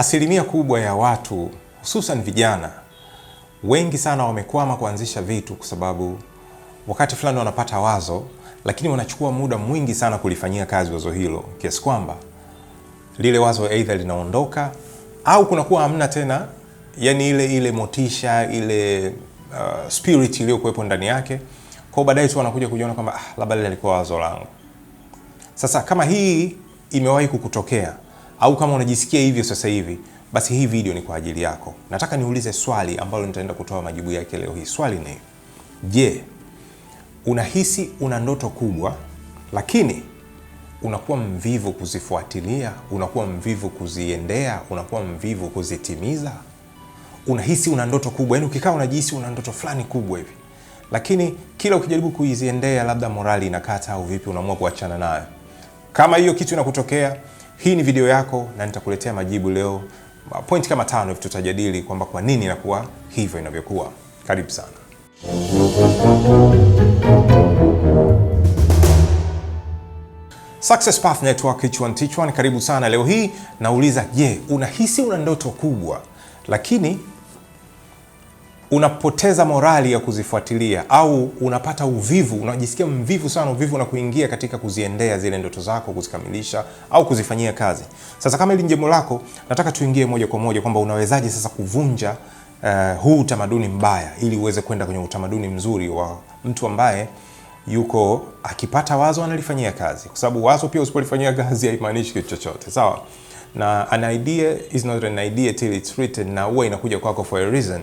Asilimia kubwa ya watu hususan vijana wengi sana wamekwama kuanzisha vitu kwa sababu wakati fulani wanapata wazo, lakini wanachukua muda mwingi sana kulifanyia kazi wazo hilo, kiasi kwamba lile wazo aidha linaondoka au kunakuwa hamna tena, yani ile ile motisha ile uh, spirit iliyokuwepo ndani yake, kwa baadaye tu wanakuja kujiona kwamba ah, labda lile lilikuwa wazo langu. Sasa kama hii imewahi kukutokea au kama unajisikia hivyo sasa hivi, basi hii video ni kwa ajili yako. Nataka niulize swali ambalo nitaenda kutoa majibu yake leo hii. Swali ni je, unahisi una ndoto kubwa lakini unakuwa mvivu kuzifuatilia, unakuwa mvivu kuziendea, unakuwa mvivu kuzitimiza? Unahisi una ndoto kubwa, yani ukikaa unajihisi una ndoto fulani kubwa hivi, lakini kila ukijaribu kuiziendea, labda morali inakata au vipi, unaamua kuachana nayo. Kama hiyo kitu inakutokea hii ni video yako na nitakuletea majibu leo, point kama tano hivi tutajadili kwamba kwa nini inakuwa hivyo inavyokuwa. Karibu sana. Success Path Network, each one teach one. Karibu sana leo hii nauliza, je, yeah, unahisi una ndoto kubwa lakini unapoteza morali ya kuzifuatilia au unapata uvivu, unajisikia mvivu sana, uvivu na kuingia katika kuziendea zile ndoto zako, kuzikamilisha au kuzifanyia kazi. Sasa kama ili ni jambo lako, nataka tuingie moja kwa moja kwamba unawezaje sasa kuvunja uh, huu utamaduni mbaya ili uweze kwenda kwenye utamaduni mzuri wa mtu ambaye yuko akipata wazo analifanyia kazi, kwa sababu wazo pia usipolifanyia kazi haimaanishi kitu chochote, sawa? Na an idea is not an idea till it's written, na huwa inakuja kwako for a reason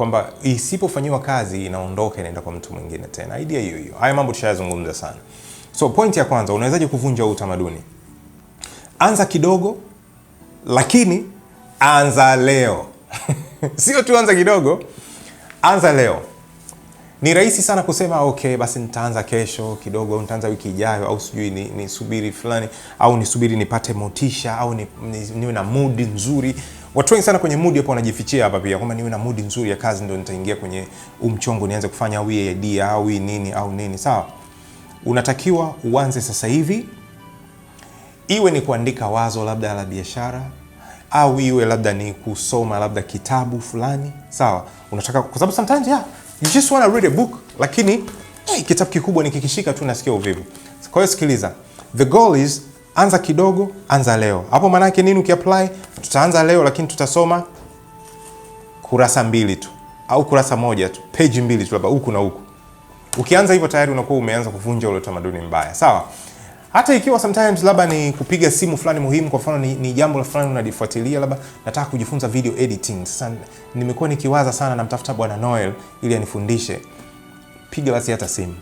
kwamba isipofanyiwa kazi inaondoka inaenda kwa mtu mwingine tena. Idea hiyo hiyo. Haya mambo tushayazungumza sana. So point ya kwanza, unawezaje kuvunja huu utamaduni? Anza kidogo, lakini anza leo. Sio tu anza kidogo, anza leo. Ni rahisi sana kusema okay, basi nitaanza kesho kidogo, au nitaanza wiki ijayo, au sijui nisubiri ni fulani, au nisubiri nipate motisha, au niwe ni, ni na mood nzuri Watu wengi sana kwenye mood hapo wanajifichia hapa pia kwamba niwe na mood nzuri ya kazi ndio nitaingia kwenye umchongo nianze kufanya au hii au hii nini au nini. Sawa. Unatakiwa uanze sasa hivi. Iwe ni kuandika wazo labda la biashara au iwe labda ni kusoma labda kitabu fulani. Sawa. Unataka kwa sababu sometimes yeah, you just want to read a book lakini hey, kitabu kikubwa nikikishika tu nasikia uvivu. Kwa hiyo sikiliza. The goal is anza kidogo, anza leo. Hapo maana yake nini? Ukiapply, tutaanza leo, lakini tutasoma kurasa mbili tu au kurasa moja tu, page mbili tu, labda huku na huku. Ukianza hivyo tayari unakuwa umeanza kuvunja ule utamaduni mbaya, sawa. Hata ikiwa sometimes labda ni kupiga simu fulani muhimu, kwa mfano ni, ni jambo la fulani unalifuatilia, labda nataka kujifunza video editing. Sasa nimekuwa nikiwaza sana, namtafuta bwana Noel ili anifundishe. Piga basi hata simu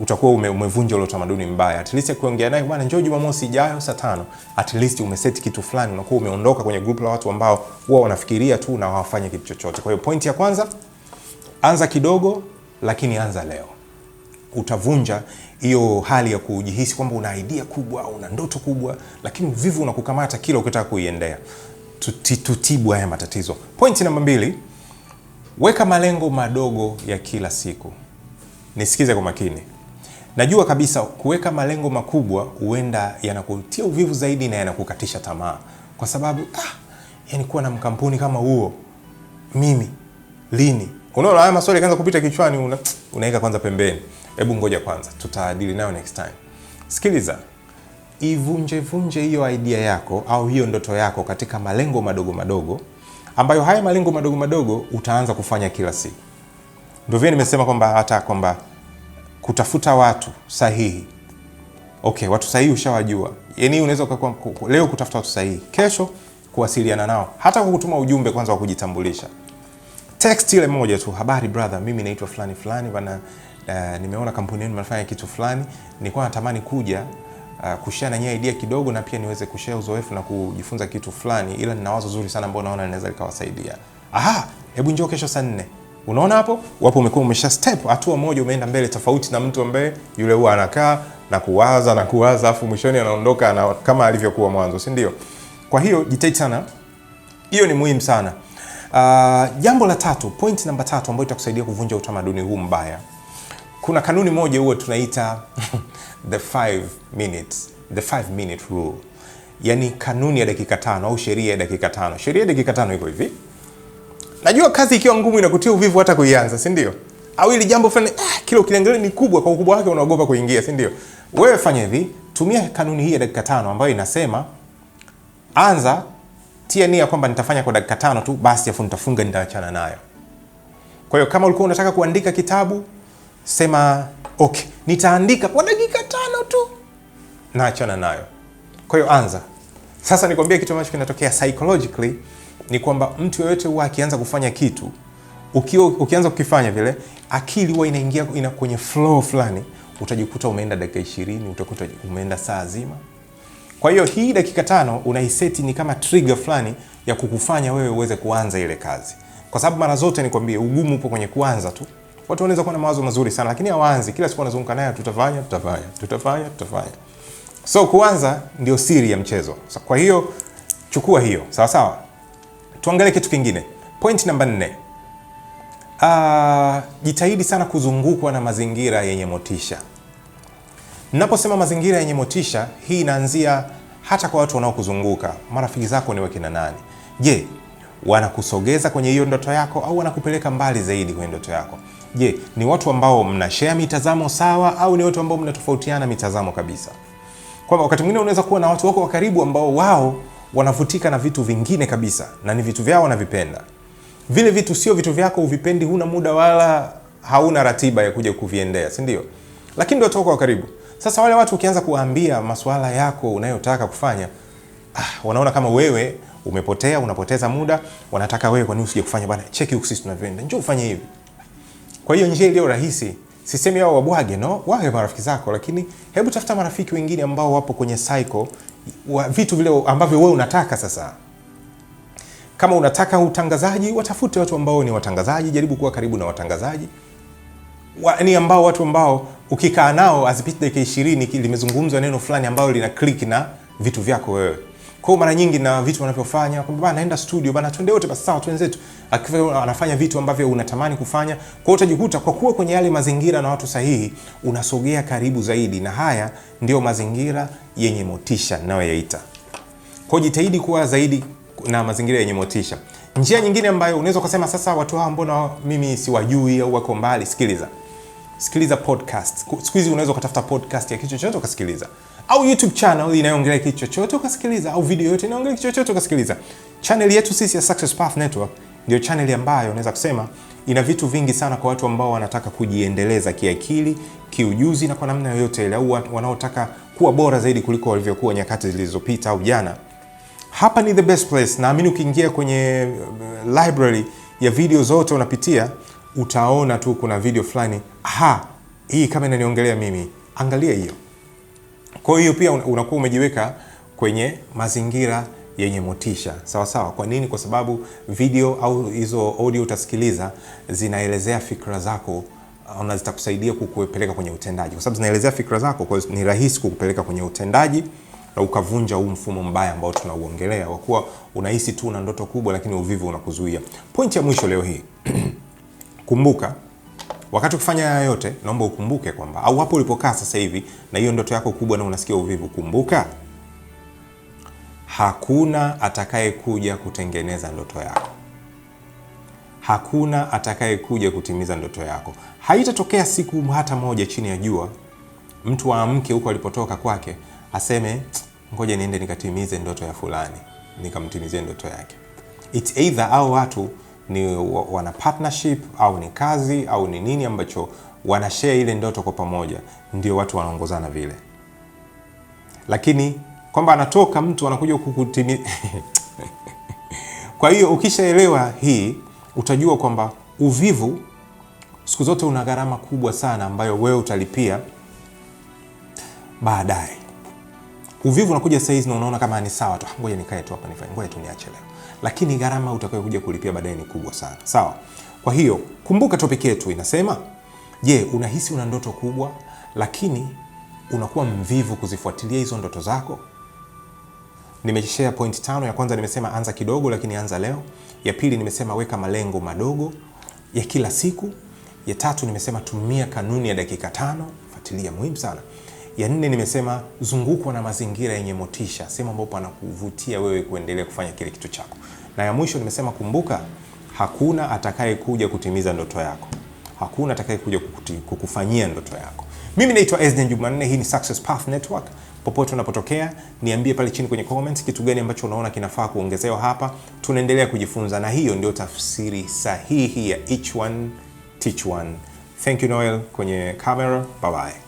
utakuwa ume, umevunja ule utamaduni mbaya. At least kuongea naye bwana, njoo Jumamosi ijayo saa tano. At least umeseti kitu fulani, unakuwa umeondoka kwenye group la watu ambao huwa wanafikiria tu na hawafanyi kitu chochote. Kwa hiyo point ya kwanza, anza kidogo, lakini anza leo. Utavunja hiyo hali ya kujihisi kwamba una idea kubwa au una ndoto kubwa, lakini vivu unakukamata kila ukitaka kuiendea. Tutibu haya matatizo. Point namba mbili, weka malengo madogo ya kila siku. Nisikize kwa makini. Najua kabisa kuweka malengo makubwa huenda yanakutia uvivu zaidi na yanakukatisha tamaa, kwa sababu ah, yani kuwa na mkampuni kama huo mimi lini? Unaona, haya maswali yanaanza kupita kichwani, una, unaweka kwanza pembeni. Hebu ngoja kwanza, tutaadili nayo next time. Sikiliza, ivunje vunje hiyo idea yako au hiyo ndoto yako katika malengo madogo madogo, ambayo haya malengo madogo madogo utaanza kufanya kila siku. Ndio vile nimesema kwamba hata kwamba kutafuta watu sahihi. Okay, watu sahihi ushawajua, yaani unaweza leo kutafuta watu sahihi, kesho kuwasiliana nao, hata kwa kutuma ujumbe kwanza wa kujitambulisha, text ile moja tu, habari brother, mimi naitwa fulani fulani bana, uh, eh, nimeona kampuni yenu mnafanya kitu fulani, nilikuwa natamani kuja uh, kushare na nyie idea kidogo, na pia niweze kushare uzoefu na kujifunza kitu fulani, ila nina wazo zuri sana ambao naona linaweza likawasaidia. Aha, hebu njoo kesho saa nne. Unaona hapo wapo, umekuwa umesha step hatua moja, umeenda mbele, tofauti na mtu ambaye yule huwa anakaa na kuwaza na kuwaza, afu mwishoni anaondoka na kama alivyokuwa mwanzo, si ndio? Kwa hiyo jitahidi sana, hiyo ni muhimu sana. Uh, jambo la tatu, point namba tatu ambayo itakusaidia kuvunja utamaduni huu mbaya, kuna kanuni moja huwa tunaita the five minutes, the five minute rule, yani kanuni ya dakika tano au sheria ya dakika tano. Sheria ya dakika tano iko hivi Najua kazi ikiwa ngumu inakutia uvivu hata kuianza, si ndio? Au ili jambo fulani ah, kile ukiangalia ni kubwa kwa ukubwa wake unaogopa kuingia, si ndio? Wewe fanya hivi, tumia kanuni hii ya dakika tano ambayo inasema anza, tia nia kwamba nitafanya kwa dakika tano tu, basi afu nitafunga, nitaachana nayo. Kwa hiyo kama ulikuwa unataka kuandika kitabu, sema okay, nitaandika kwa dakika tano tu, naachana nayo. Kwa hiyo anza sasa. Nikwambie kitu ambacho kinatokea psychologically ni kwamba mtu yoyote huwa akianza kufanya kitu ukiwa ukianza kukifanya vile, akili huwa inaingia ina kwenye flow fulani, utajikuta umeenda dakika ishirini, utakuta umeenda saa zima. Kwa hiyo hii dakika tano unaiseti ni kama trigger fulani ya kukufanya wewe uweze kuanza ile kazi, kwa sababu mara zote nikwambie, ugumu upo kwenye kuanza tu. Watu wanaweza kuwa na mawazo mazuri sana, lakini hawaanzi. Kila siku wanazunguka naye tutafanya tutafanya tutafanya tutafanya. So kuanza ndio siri ya mchezo. kwa hiyo chukua hiyo sawa sawa. Tuangalie kitu kingine, point namba nne. Uh, jitahidi sana kuzungukwa na mazingira yenye motisha. Naposema mazingira yenye motisha, hii inaanzia hata kwa watu wanaokuzunguka. Marafiki zako ni wakina nani? Je, wanakusogeza kwenye hiyo ndoto yako au wanakupeleka mbali zaidi kwenye ndoto yako? Je, ni watu ambao mnashare mitazamo sawa au ni watu ambao mnatofautiana mitazamo kabisa? Kwamba wakati mwingine unaweza kuwa na watu wako wa karibu ambao wao wanavutika na vitu vingine kabisa, na ni vitu vyao wanavipenda. Vile vitu sio vitu vyako, uvipendi, huna muda wala hauna ratiba ya kuja kuviendea, si ndio? Lakini ndio toka karibu. Sasa wale watu ukianza kuwaambia masuala yako unayotaka kufanya, ah, wanaona kama wewe umepotea, unapoteza muda. Wanataka wewe, kwa nini usije kufanya bana? Cheki huku sisi tunavyoenda, njoo ufanye hivi. Kwa hiyo njia iliyo rahisi, sisemi wao wabwage, no, wawe marafiki zako, lakini hebu tafuta marafiki wengine ambao wapo kwenye cycle wa vitu vile ambavyo wewe unataka sasa. Kama unataka utangazaji, watafute watu ambao ni watangazaji, jaribu kuwa karibu na watangazaji wa, ni ambao watu ambao ukikaa nao azipite dakika 20 limezungumzwa neno fulani ambalo lina click na vitu vyako wewe. Kwa hiyo mara nyingi na vitu wanavyofanya kwamba bana naenda studio bana twende wote basi sawa twenzetu. Akifanya anafanya vitu ambavyo unatamani kufanya. Kwa hiyo utajikuta kwa kuwa kwenye yale mazingira na watu sahihi unasogea karibu zaidi na haya ndio mazingira yenye motisha yaita. Kwa jitahidi kuwa zaidi na mazingira yenye motisha. Njia nyingine ambayo unaweza kusema sasa watu hawa mbona mimi siwajui au wako mbali, sikiliza. Sikiliza podcast. Siku hizi unaweza kutafuta podcast ya kitu chochote ukasikiliza au YouTube channel inayoongelea kitu chochote ukasikiliza, au video yote inaongelea kitu chochote ukasikiliza. Channel yetu sisi ya Success Path Network ndio channel ambayo unaweza kusema ina vitu vingi sana kwa watu ambao wanataka kujiendeleza kiakili, kiujuzi na kwa namna yoyote ile, au wanaotaka kuwa bora zaidi kuliko walivyokuwa nyakati zilizopita au jana. Hapa ni the best place. Naamini ukiingia kwenye uh, library ya video zote unapitia, utaona tu kuna video fulani, aha, hii kama inaniongelea mimi, angalia hiyo. Kwa hiyo pia unakuwa umejiweka kwenye mazingira yenye motisha sawa sawa. Kwa nini? Kwa sababu video au hizo audio utasikiliza zinaelezea fikra zako uh, na zitakusaidia kukupeleka kwenye utendaji, kwa sababu zinaelezea fikra zako, kwa ni rahisi kukupeleka kwenye utendaji na ukavunja huu mfumo mbaya ambao tunauongelea wa kuwa unahisi tu una ndoto kubwa, lakini uvivu unakuzuia. Pointi ya mwisho leo hii kumbuka Wakati ukifanya haya yote, naomba ukumbuke kwamba au hapo ulipokaa sasa hivi na hiyo ndoto yako kubwa na unasikia uvivu, kumbuka hakuna atakayekuja kutengeneza ndoto yako, hakuna atakayekuja kutimiza ndoto yako. Haitatokea siku hata moja chini ya jua mtu aamke huko alipotoka kwake aseme ngoja niende nikatimize ndoto ya fulani, nikamtimizie ndoto yake. It's either au watu ni wana partnership au ni kazi au ni nini ambacho wanashea ile ndoto kwa pamoja, ndio watu wanaongozana vile. Lakini kwamba anatoka mtu anakuja kukutimi kwa hiyo ukishaelewa hii utajua kwamba uvivu siku zote una gharama kubwa sana ambayo wewe utalipia baadaye. Uvivu unakuja saizi na unaona kama ni sawa tu, ngoja nikae tu hapa nifanye, ngoja tu niache leo lakini gharama utakayokuja kulipia baadaye ni kubwa sana. Sawa. Kwa hiyo kumbuka topic yetu inasema, je, unahisi una ndoto kubwa lakini unakuwa mvivu kuzifuatilia hizo ndoto zako? Nimeshare point tano. Ya kwanza nimesema anza kidogo, lakini anza leo. Ya pili nimesema weka malengo madogo ya kila siku. Ya tatu nimesema tumia kanuni ya dakika tano. Fuatilia, muhimu sana. Ya nne nimesema zungukwa na mazingira yenye motisha, sehemu ambapo panakuvutia wewe kuendelea kufanya kile kitu chako. Na ya mwisho nimesema kumbuka, hakuna atakayekuja kutimiza ndoto yako, hakuna atakayekuja kukufanyia ndoto yako. Mimi naitwa Ezden Jumanne, hii ni Success Path Network. Popote unapotokea niambie pale chini kwenye comments kitu gani ambacho unaona kinafaa kuongezewa hapa. Tunaendelea kujifunza, na hiyo ndio tafsiri sahihi ya each one teach one. Thank you Noel kwenye camera. Bye bye.